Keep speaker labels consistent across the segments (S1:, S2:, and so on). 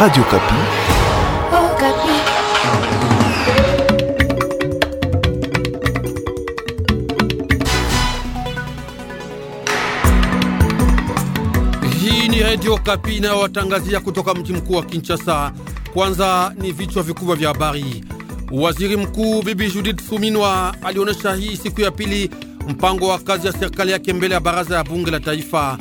S1: Radio Kapi.
S2: Oh, Kapi.
S3: Hii ni Radio Kapi watangazia kutoka mji mkuu wa Kinshasa. Kwanza ni vichwa vikubwa vya habari. Waziri Mkuu Bibi Judith Suminwa alionyesha hii siku ya pili mpango wa kazi ya serikali yake mbele ya baraza ya bunge la taifa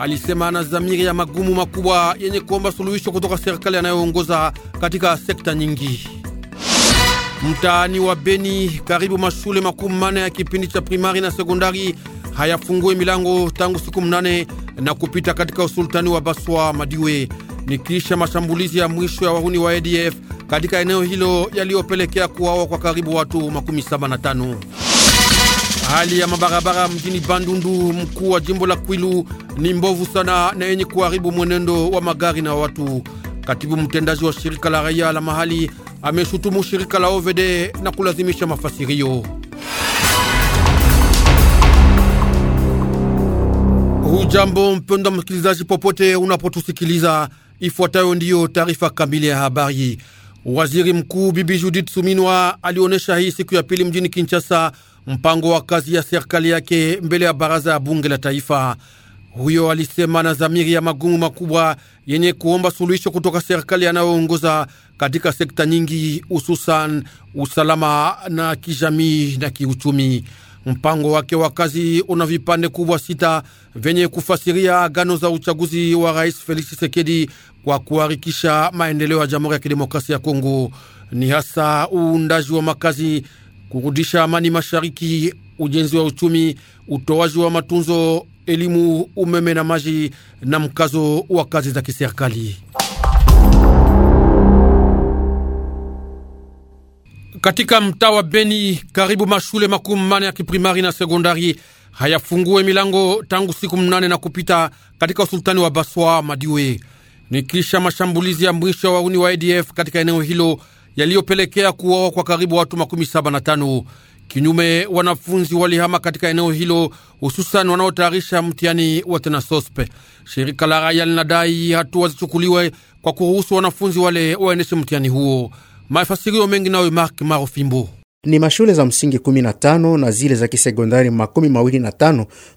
S3: alisema ana zamiri ya magumu makubwa yenye kuomba suluhisho kutoka serikali anayoongoza katika sekta nyingi. Mtaani wa Beni, karibu mashule makumi manne ya kipindi cha primari na sekondari hayafungue milango tangu siku mnane na kupita katika usultani wa Baswa Madiwe ni mashambulizi ya mwisho ya wahuni wa ADF katika eneo hilo yaliyopelekea kuwawa kwa karibu watu makumi saba na tano. Hali ya mabarabara mjini Bandundu, mkuu wa jimbo la Kwilu, ni mbovu sana na yenye kuharibu mwenendo wa magari na watu. Katibu mtendaji wa shirika la raia la mahali ameshutumu shirika la OVD na kulazimisha mafasirio. Hujambo mpendwa msikilizaji, popote unapotusikiliza, ifuatayo ndiyo taarifa kamili ya habari. Waziri Mkuu Bibi Judith Suminwa alionyesha hii siku ya pili mjini Kinshasa mpango wa kazi ya serikali yake mbele ya baraza ya bunge la taifa. Huyo alisema na zamiri ya magumu makubwa yenye kuomba suluhisho kutoka serikali anayoongoza katika sekta nyingi, hususan usalama na kijamii na kiuchumi. Mpango wake wa kazi una vipande kubwa sita vyenye kufasiria agano za uchaguzi wa rais Felix Tshisekedi kwa kuharikisha maendeleo ya Jamhuri ya Kidemokrasia ya Kongo, ni hasa uundaji wa makazi kurudisha amani mashariki, ujenzi wa uchumi, utoaji wa matunzo, elimu, umeme na maji, na mkazo wa kazi za kiserikali. Katika mtaa wa Beni, karibu mashule makumi mane ya kiprimari na sekondari hayafungue milango tangu siku mnane na kupita katika usultani wa Baswa Madiwe, ni kisha mashambulizi ya mwisho wa wauni wa ADF katika eneo hilo yaliyopelekea kuuawa kwa karibu watu makumi saba na tano. Kinyume, wanafunzi walihama katika eneo hilo, hususan wanaotayarisha mtihani wa tenasospe. Shirika la raia linadai hatua zichukuliwe kwa kuruhusu wanafunzi wale waendeshe mtihani huo. Mafasirio mengi nayo Mark Marofimbo
S4: ni mashule za msingi 15 na zile za kisekondari makumi mawili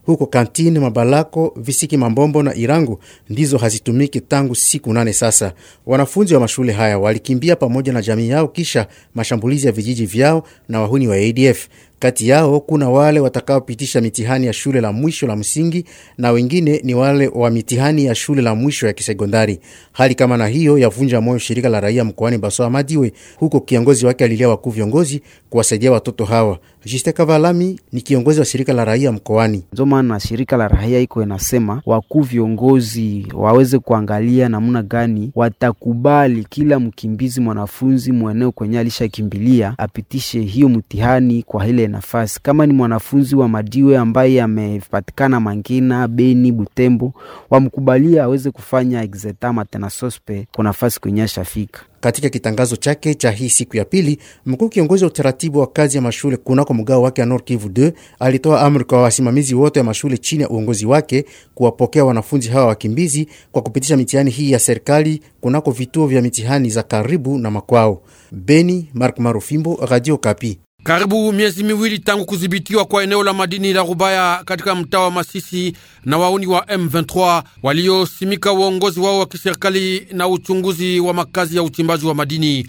S4: huko Kantini, Mabalako, Visiki, Mambombo na Irangu ndizo hazitumiki tangu siku nane sasa. Wanafunzi wa mashule haya walikimbia pamoja na jamii yao kisha mashambulizi ya vijiji vyao na wahuni wa ADF. Kati yao kuna wale watakaopitisha mitihani ya shule la mwisho la msingi na wengine ni wale wa mitihani ya shule la mwisho ya kisekondari. Hali kama na hiyo yavunja moyo shirika la raia mkoani Basoa Madiwe, huko kiongozi wake alilia wakuu viongozi kuwasaidia watoto hawa. Jiste Kavalami ni kiongozi wa shirika la raia mkoani. Ndio
S2: maana shirika la raia iko inasema wakuu viongozi waweze kuangalia namna gani watakubali kila mkimbizi mwanafunzi mweneo kwenye alishakimbilia apitishe hiyo mtihani kwa ile nafasi. Kama ni mwanafunzi wa Madiwe ambaye amepatikana Mangina, Beni, Butembo, wamkubalia aweze kufanya exetama tena sospe kwa nafasi kwenye shafika. Katika kitangazo chake cha hii siku ya pili, mkuu
S4: kiongozi wa utaratibu wa kazi ya mashule kunako mgao wake ya Nord Kivu 2 alitoa amri kwa wasimamizi wote wa mashule chini ya uongozi wake kuwapokea wanafunzi hawa wakimbizi kwa kupitisha mitihani hii ya serikali kunako vituo vya mitihani za karibu na makwao. Beni, Mark Marufimbo, Radio Kapi.
S3: Karibu miezi miwili tangu kudhibitiwa kwa eneo la madini la Rubaya katika mtaa wa Masisi na wauni wa M23 waliosimika uongozi wao wa kiserikali na uchunguzi wa makazi ya uchimbaji wa madini.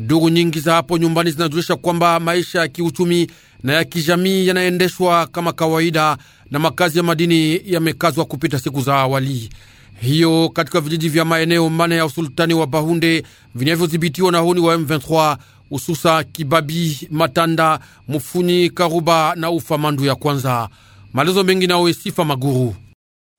S3: Duru nyingi za hapo nyumbani zinajulisha kwamba maisha ya kiuchumi na ya kijamii yanaendeshwa kama kawaida na makazi ya madini yamekazwa kupita siku za awali hiyo katika vijiji vya maeneo mane ya usultani wa Bahunde vinavyodhibitiwa na wauni wa M23 hususa Kibabi, Matanda, Mufuni, Karuba na ufa mandu ya kwanza. Malezo mengi nawe Sifa Maguru.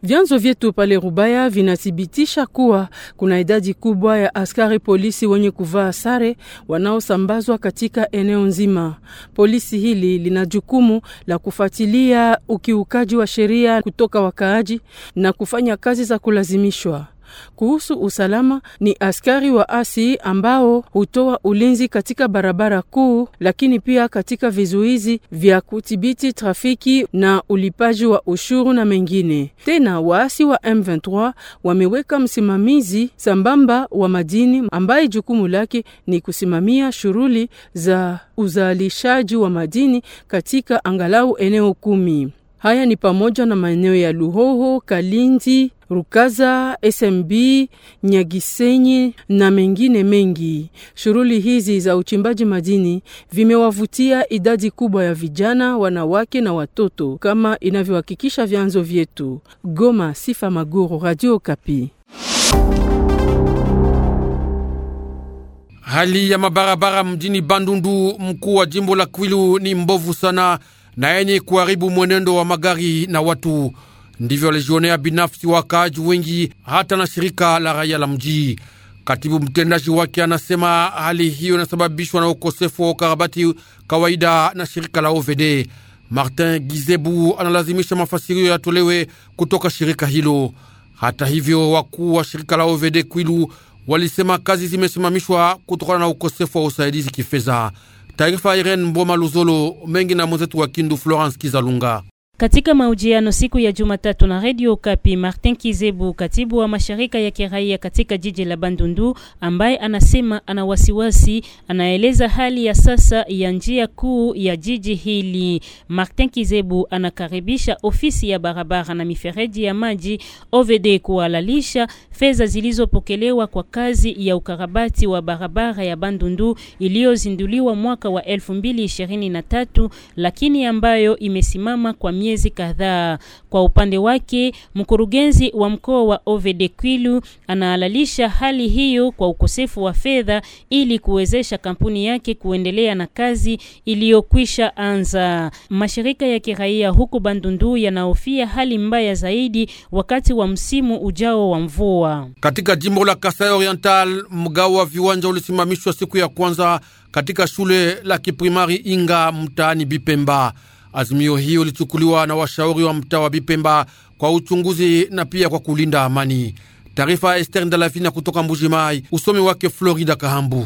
S5: Vyanzo vyetu pale Rubaya vinathibitisha kuwa kuna idadi kubwa ya askari polisi wenye kuvaa sare wanaosambazwa katika eneo nzima. Polisi hili lina jukumu la kufuatilia ukiukaji wa sheria kutoka wakaaji na kufanya kazi za kulazimishwa. Kuhusu usalama, ni askari wa asi ambao hutoa ulinzi katika barabara kuu, lakini pia katika vizuizi vya kudhibiti trafiki na ulipaji wa ushuru na mengine. Tena waasi wa M23 wameweka msimamizi sambamba wa madini ambaye jukumu lake ni kusimamia shughuli za uzalishaji wa madini katika angalau eneo kumi. Haya ni pamoja na maeneo ya Luhoho, Kalindi, Rukaza, SMB, Nyagisenyi na mengine mengi. Shughuli hizi za uchimbaji madini vimewavutia idadi kubwa ya vijana, wanawake na watoto kama inavyohakikisha vyanzo vyetu. Goma, Sifa Maguru, Radio Kapi.
S3: Hali ya mabarabara mjini Bandundu, mkuu wa jimbo la Kwilu, ni mbovu sana na yenye kuharibu mwenendo wa magari na watu. Ndivyo alijionea binafsi wakaaji wengi, hata na shirika la raia la mji. Katibu mtendaji wake anasema hali hiyo inasababishwa na ukosefu wa ukarabati kawaida na shirika la OVD. Martin Gizebu analazimisha mafasirio yatolewe kutoka shirika hilo. Hata hivyo, wakuu wa shirika la OVD Kwilu walisema kazi zimesimamishwa kutokana na ukosefu wa usaidizi kifedha. Taarifa Irene Mboma Luzolo mengi na mwenzetu wa Kindu Florence Kizalunga.
S2: Katika mahojiano siku ya Jumatatu na Radio Kapi, Martin Kizebu, katibu wa mashirika ya kiraia katika jiji la Bandundu, ambaye anasema ana wasiwasi, anaeleza hali ya sasa ya njia kuu ya jiji hili. Martin Kizebu anakaribisha ofisi ya barabara na mifereji ya maji OVD kuhalalisha fedha zilizopokelewa kwa kazi ya ukarabati wa barabara ya Bandundu iliyozinduliwa mwaka wa 2023 lakini ambayo imesimama kwa miezi kadhaa. Kwa upande wake, mkurugenzi wa mkoa wa OVD Kwilu anaalalisha hali hiyo kwa ukosefu wa fedha ili kuwezesha kampuni yake kuendelea na kazi iliyokwisha anza. Mashirika ya kiraia huko Bandundu yanahofia hali mbaya zaidi wakati wa msimu ujao wa mvua.
S3: Katika jimbo la Kasai Oriental, mgao wa viwanja ulisimamishwa siku ya kwanza katika shule la kiprimari Inga mtaani Bipemba. Azimio hiyo ilichukuliwa na washauri wa mtaa wa Bipemba kwa uchunguzi na pia kwa kulinda amani. Taarifa ya Ester Ndalafina kutoka Mbuji Mai, usomi wake Florida Kahambu.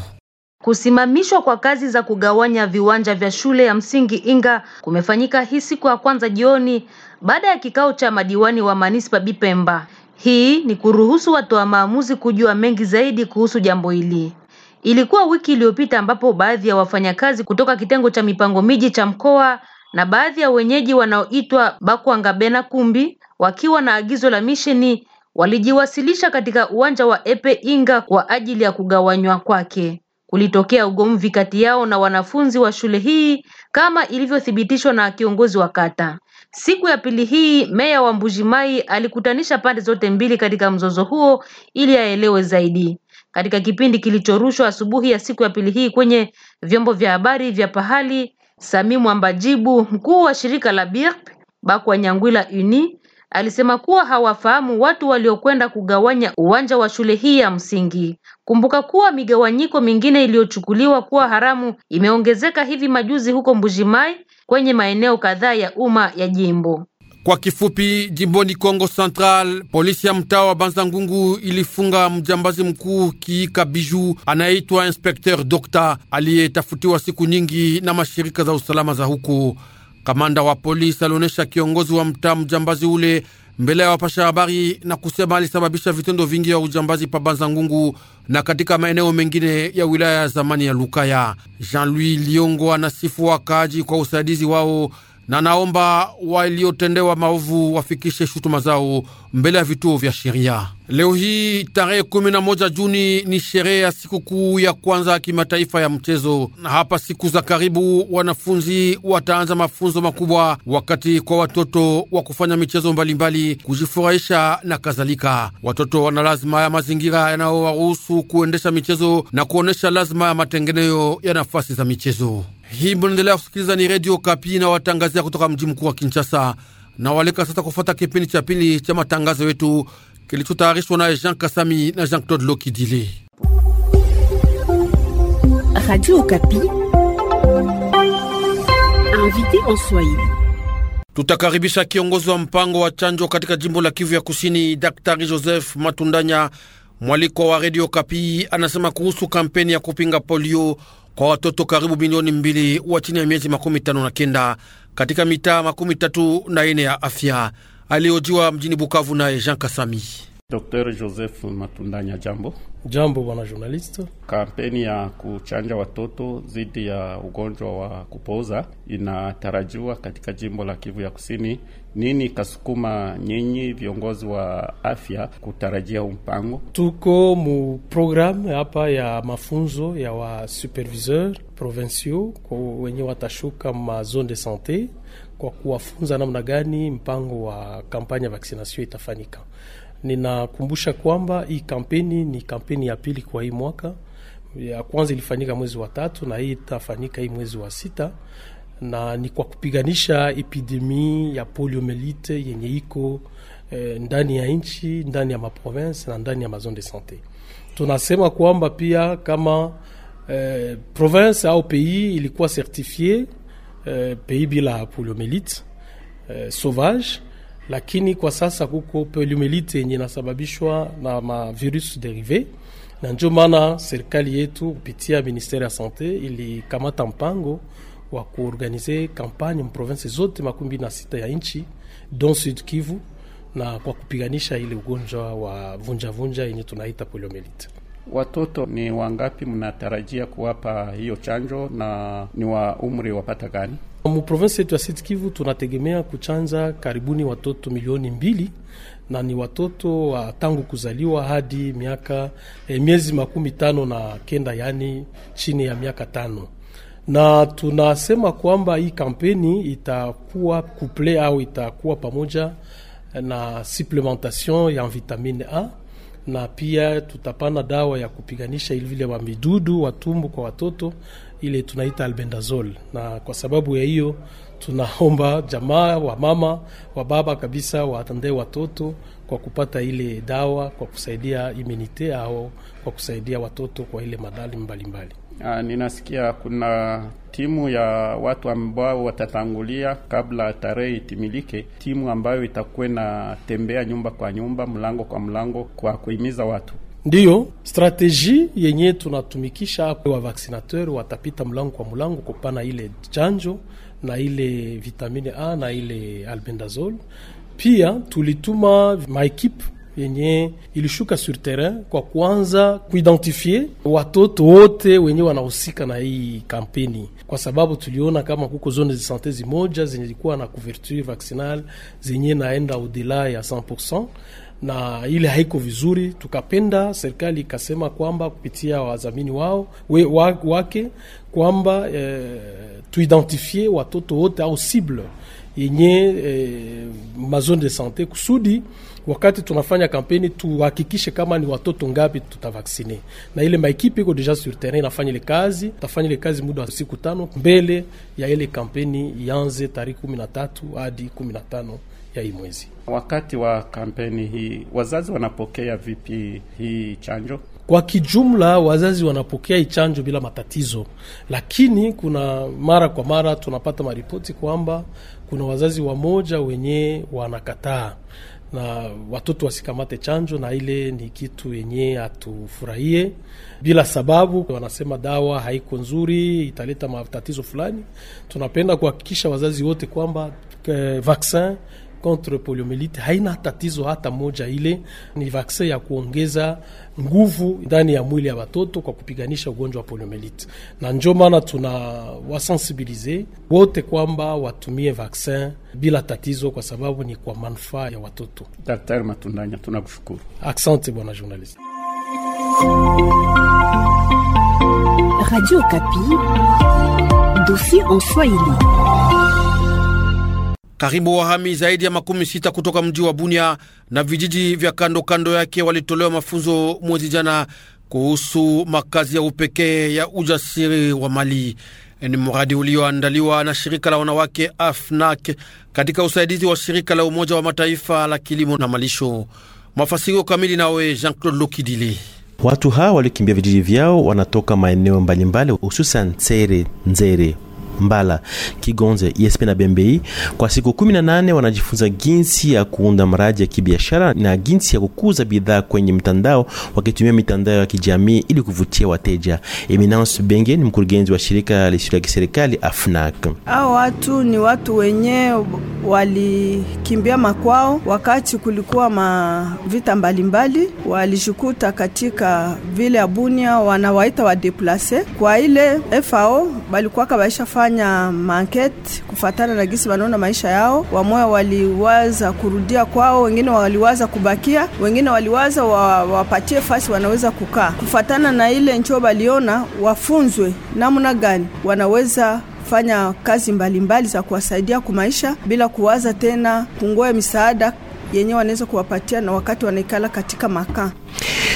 S6: Kusimamishwa kwa kazi za kugawanya viwanja vya shule ya msingi Inga kumefanyika hii siku ya kwanza jioni baada ya kikao cha madiwani wa manispa Bipemba. Hii ni kuruhusu watu wa maamuzi kujua mengi zaidi kuhusu jambo hili. Ilikuwa wiki iliyopita ambapo baadhi ya wafanyakazi kutoka kitengo cha mipango miji cha mkoa na baadhi ya wenyeji wanaoitwa Bakwangabena Kumbi wakiwa na agizo la misheni walijiwasilisha katika uwanja wa Epe Inga kwa ajili ya kugawanywa kwake. Kulitokea ugomvi kati yao na wanafunzi wa shule hii kama ilivyothibitishwa na kiongozi wa kata. Siku ya pili hii, meya wa Mbujimai alikutanisha pande zote mbili katika mzozo huo ili aelewe zaidi. Katika kipindi kilichorushwa asubuhi ya siku ya pili hii kwenye vyombo vya habari vya pahali, Sami Mwambajibu, mkuu wa shirika la BIRP Bakwa Nyangwila Uni, alisema kuwa hawafahamu watu waliokwenda kugawanya uwanja wa shule hii ya msingi. Kumbuka kuwa migawanyiko mingine iliyochukuliwa kuwa haramu imeongezeka hivi majuzi huko mbujimai kwenye maeneo kadhaa ya umma ya jimbo.
S3: Kwa kifupi, jimboni Kongo Central, polisi ya mtaa wa Banza Ngungu ilifunga mjambazi mkuu Kiika Biju anayeitwa Inspekteur Dokta aliyetafutiwa siku nyingi na mashirika za usalama za huko. Kamanda wa polisi alionyesha kiongozi wa mtaa mjambazi ule mbele ya wapasha habari na kusema alisababisha vitendo vingi vya ujambazi pa Banza Ngungu na katika maeneo mengine ya wilaya ya zamani ya Lukaya. Jean-Louis Liongo anasifu wakaaji kwa usaidizi wao na naomba waliotendewa maovu wafikishe shutuma zao mbele ya vituo vya sheria. Leo hii tarehe 11 Juni ni sherehe ya sikukuu ya kwanza ya kimataifa ya mchezo, na hapa siku za karibu wanafunzi wataanza mafunzo makubwa, wakati kwa watoto wa kufanya michezo mbalimbali, kujifurahisha na kadhalika. Watoto wana lazima ya mazingira yanayowaruhusu kuendesha michezo na kuonyesha lazima ya matengeneo ya nafasi za michezo. Hii mnaendelea kusikiliza ni redio Kapi na watangazia kutoka mji mkuu wa Kinshasa na waleka sasa kufuata kipindi cha pili cha matangazo yetu kilichotayarishwa naye Jean Kasami na Jean Claude Lokidile. Tutakaribisha kiongozi wa mpango wa chanjo katika jimbo la Kivu ya Kusini, Daktari Joseph Matundanya. Mwalikwa wa redio Kapi anasema kuhusu kampeni ya kupinga polio kwa watoto karibu milioni mbili wa chini ya miezi makumi tano na kenda katika mitaa makumi tatu na ine ya afya. aliojiwa mjini Bukavu naye Jean Kasami.
S4: Dr. Joseph Matundanya, jambo.
S7: Jambo bwana journalist.
S4: Kampeni ya kuchanja watoto dhidi ya ugonjwa wa kupooza inatarajiwa katika jimbo la Kivu ya Kusini. Nini kasukuma nyinyi viongozi wa afya kutarajia mpango?
S7: Tuko mu programu hapa ya mafunzo ya wa superviseur provinciaux kwa wenye watashuka ma zone de sante kwa kuwafunza namna gani mpango wa kampanya ya vaksination itafanyika Ninakumbusha kwamba hii kampeni ni kampeni ya pili kwa hii mwaka. Ya kwanza ilifanyika mwezi wa tatu na hii itafanyika hii mwezi wa sita, na ni kwa kupiganisha epidemi ya poliomelite yenye iko eh, ndani ya nchi, ndani ya maprovince na ndani ya mazone de sante. Tunasema kwamba pia kama eh, province au pays ilikuwa certifie eh, pays bila poliomelite eh, sauvage lakini kwa sasa kuko poliomelite yenye inasababishwa na mavirus derive, na ndio maana serikali yetu kupitia ministere ya sante ilikamata mpango wa kuorganize kampanye mprovinse zote makumbi na sita ya nchi don Sud Kivu, na kwa kupiganisha ile ugonjwa wa vunjavunja yenye tunaita poliomelite.
S4: Watoto ni wangapi mnatarajia kuwapa hiyo chanjo na ni wa umri wapata gani?
S7: Muprovensi yetu ya Sud Kivu tunategemea kuchanja karibuni watoto milioni mbili na ni watoto wa tangu kuzaliwa hadi miaka e, miezi makumi tano na kenda, yani chini ya miaka tano na tunasema kwamba hii kampeni itakuwa couple au itakuwa pamoja eh, na supplementation ya vitamine A na pia tutapana dawa ya kupiganisha ili vile wa midudu watumbu kwa watoto ile tunaita albendazol, na kwa sababu ya hiyo tunaomba jamaa wa mama wa baba kabisa waatendee watoto kwa kupata ile dawa kwa kusaidia imunite au kwa kusaidia watoto kwa ile madali mbalimbali
S4: Uh, ninasikia kuna timu ya watu ambao watatangulia kabla tarehe itimilike, timu ambayo itakuwa inatembea nyumba kwa nyumba, mlango kwa mlango, kwa kuhimiza watu Ndiyo strateji yenye tunatumikisha hapo, wa vaccinateur watapita mlango kwa mlango kupana
S7: ile chanjo na ile vitamine A na ile albendazole. Pia tulituma maekipe yenye ilishuka sur terrain kwa kuanza kuidentifie watoto wote wenye wanahusika na hii kampeni, kwa sababu tuliona kama kuko zone za sante zimoja zenye zilikuwa na couverture vaccinale zenye naenda udela ya 100% na ile haiko vizuri. Tukapenda serikali ikasema kwamba kupitia wadhamini wao we, wa, wake kwamba eh, tuidentifie watoto wote au cible yenye eh, mazone de sante kusudi wakati tunafanya kampeni tuhakikishe kama ni watoto ngapi tutavaksine, na ile maekipe iko deja sur terrain inafanya ile kazi, Tutafanya ile kazi muda wa siku tano mbele ya ile kampeni ianze tarehe kumi na tatu hadi kumi na tano ya hii
S4: mwezi. Wakati wa kampeni hii wazazi wanapokea vipi hii chanjo?
S7: Kwa kijumla wazazi wanapokea chanjo bila matatizo, lakini kuna mara kwa mara tunapata maripoti kwamba kuna wazazi wamoja wenye wanakataa na watoto wasikamate chanjo, na ile ni kitu yenye hatufurahie bila sababu. Wanasema dawa haiko nzuri, italeta matatizo fulani. Tunapenda kuhakikisha wazazi wote kwamba eh, vaksin contre poliomyelite haina tatizo hata moja. Ile ni vaksin ya kuongeza nguvu ndani ya mwili ya watoto kwa kupiganisha ugonjwa wa poliomyelite, na ndio maana tuna wasensibilize wote kwamba watumie vaksin bila tatizo, kwa sababu ni kwa manufaa ya watoto.
S4: Daktari Matundanya, tunakushukuru.
S7: Asante bwana journalist.
S2: Radio Kapi,
S5: dossier en Swahili.
S3: Karibu wahami zaidi ya makumi sita kutoka mji wa Bunia na vijiji vya kando kando yake walitolewa mafunzo mwezi jana kuhusu makazi ya upekee ya ujasiri wa mali. Ni mradi ulioandaliwa na shirika la wanawake AFNAC katika usaidizi wa shirika la Umoja wa Mataifa la kilimo na malisho. Mafasirio kamili nawe Jean Claude Lokidile.
S1: Watu hawa waliokimbia vijiji vyao wanatoka maeneo mbalimbali, hususan Tsere, Nzere Mbala, Kigonze, ISP na Bembei kwa siku 18 wanajifunza jinsi ya kuunda mradi ya kibiashara na jinsi ya kukuza bidhaa kwenye mtandao wakitumia mitandao ya kijamii ili kuvutia wateja. Eminence Benge ni mkurugenzi wa shirika lisilo la kiserikali AFNAC.
S2: Hao watu ni watu wenye walikimbia makwao wakati kulikuwa mavita mbalimbali, walijikuta katika vile Abunia wanawaita wadeplase kwa ile FAO balikuwa kabaisha fanya kufanya mankete kufatana na gisi wanaona maisha yao. Wamoya waliwaza kurudia kwao, wengine waliwaza kubakia, wengine waliwaza wapatie fasi wanaweza kukaa. Kufatana na ile ncho baliona, wafunzwe namna gani wanaweza fanya kazi mbalimbali za kuwasaidia kumaisha bila kuwaza tena kungoe misaada yenye wanaweza kuwapatia na wakati wanaikala katika makaa.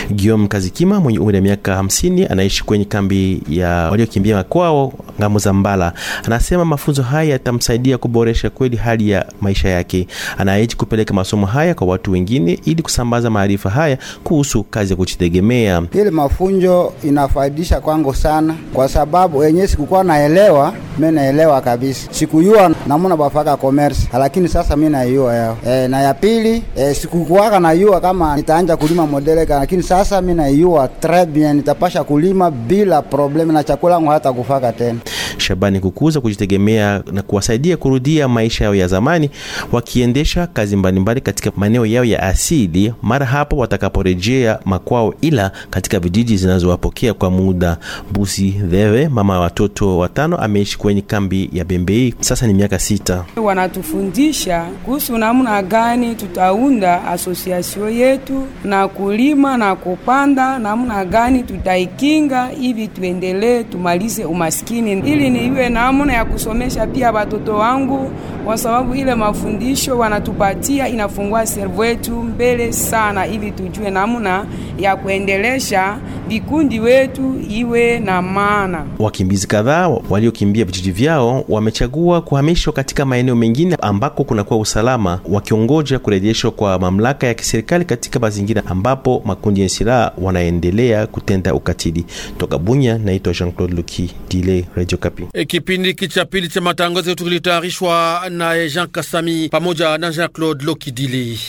S1: Guillaume Kazikima mwenye umri wa miaka hamsini anaishi kwenye kambi ya waliokimbia kwao mbala anasema mafunzo haya yatamsaidia kuboresha kweli hali ya maisha yake. Anaahidi kupeleka masomo haya kwa watu wengine ili kusambaza maarifa haya kuhusu kazi ya kujitegemea.
S2: Ile mafunzo inafaidisha kwangu sana, kwa sababu enye sikukuwa naelewa, mimi naelewa kabisa, sikuyua namuna bafaka commerce, lakini sasa mimi naiua yao e, na ya pili e, sikukuwaka naiua kama nitaanja kulima modeleka, lakini sasa mimi naiua très bien, nitapasha kulima bila problemu na chakula ngo hata kufaka tena.
S1: Shabani kukuza kujitegemea na kuwasaidia kurudia maisha yao ya zamani, wakiendesha kazi mbalimbali katika maeneo yao ya asili mara hapo watakaporejea makwao, ila katika vijiji zinazowapokea kwa muda. Busi Dheve, mama wa watoto watano, ameishi kwenye kambi ya Bembei sasa ni miaka sita.
S5: Wanatufundisha kuhusu namna gani tutaunda asosiasio yetu na kulima na kupanda, namna gani tutaikinga hivi tuendelee tumalize umaskini ili ni iwe namna ya kusomesha pia watoto wangu, kwa sababu ile mafundisho wanatupatia inafungua servo yetu mbele sana, ili tujue namna ya kuendelesha vikundi wetu iwe na maana.
S1: Wakimbizi kadhaa waliokimbia vijiji vyao wamechagua kuhamishwa katika maeneo mengine ambako kunakuwa usalama, wakiongoja kurejeshwa kwa mamlaka ya kiserikali katika mazingira ambapo makundi ya silaha wanaendelea kutenda ukatili. Toka Bunya, naitwa Jean-Claude Luki Dile, Radio Kapi.
S3: E, kipindi hiki cha pili cha matangazo yetu kilitayarishwa naye Jean Kasami pamoja na Jean Claude Lokidili.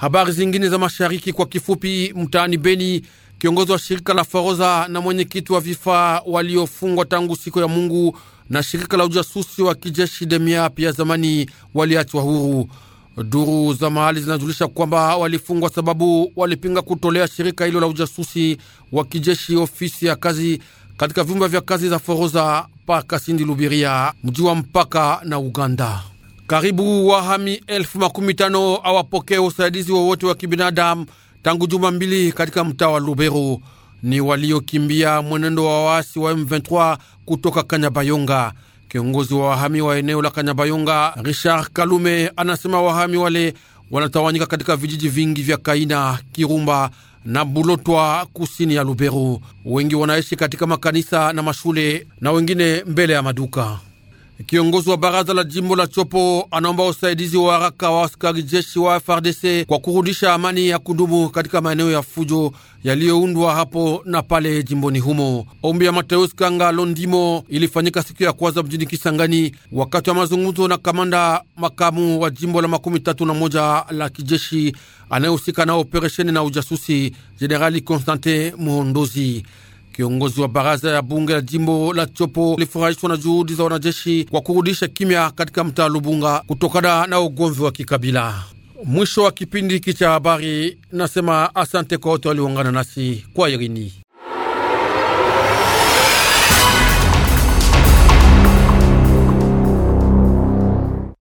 S3: Habari zingine za mashariki kwa kifupi. Mtaani Beni, kiongozi wa shirika la Foroza na mwenyekiti wa vifaa waliofungwa tangu siku ya Mungu na shirika la ujasusi wa kijeshi Demia pia zamani waliachwa huru. Duru za mahali zinajulisha kwamba walifungwa sababu walipinga kutolea shirika hilo la ujasusi wa kijeshi ofisi ya kazi katika vyumba vya kazi za foroza pa Kasindi Lubiria, mji wa mpaka na Uganda. Karibu wahami elfu makumi tano awapokee usaidizi wowote wa kibinadamu tangu juma mbili katika mtaa wa Lubero ni waliokimbia mwenendo wa waasi wa M23 kutoka Kanyabayonga. Kiongozi wa wahami wa eneo la Kanyabayonga, Richard Kalume, anasema wahami wale wanatawanyika katika vijiji vingi vya Kaina, Kirumba na Bulotwa kusini ya Lubero. Wengi wanaishi katika makanisa na mashule na wengine mbele ya maduka. Kiongozi wa baraza la jimbo la Chopo anaomba usaidizi wa haraka wa askari jeshi wa FRDC kwa kurudisha amani ya kudumu katika maeneo ya fujo yaliyoundwa hapo na pale jimboni humo. Ombi ya Mateus Kanga Londimo ilifanyika siku ya kwanza mjini Kisangani wakati wa mazungumzo na kamanda makamu wa jimbo la makumi tatu na moja la kijeshi anayehusika na operesheni na ujasusi Jenerali Constantin Muhondozi. Kiongozi wa baraza ya bunge la jimbo la Chopo lifurahishwa na juhudi za wanajeshi kwa kurudisha kimya katika mtaa Lubunga kutokana na ugomvi wa kikabila. Mwisho wa kipindi hiki cha habari, nasema asante kwa wote walioungana nasi kwa Irini.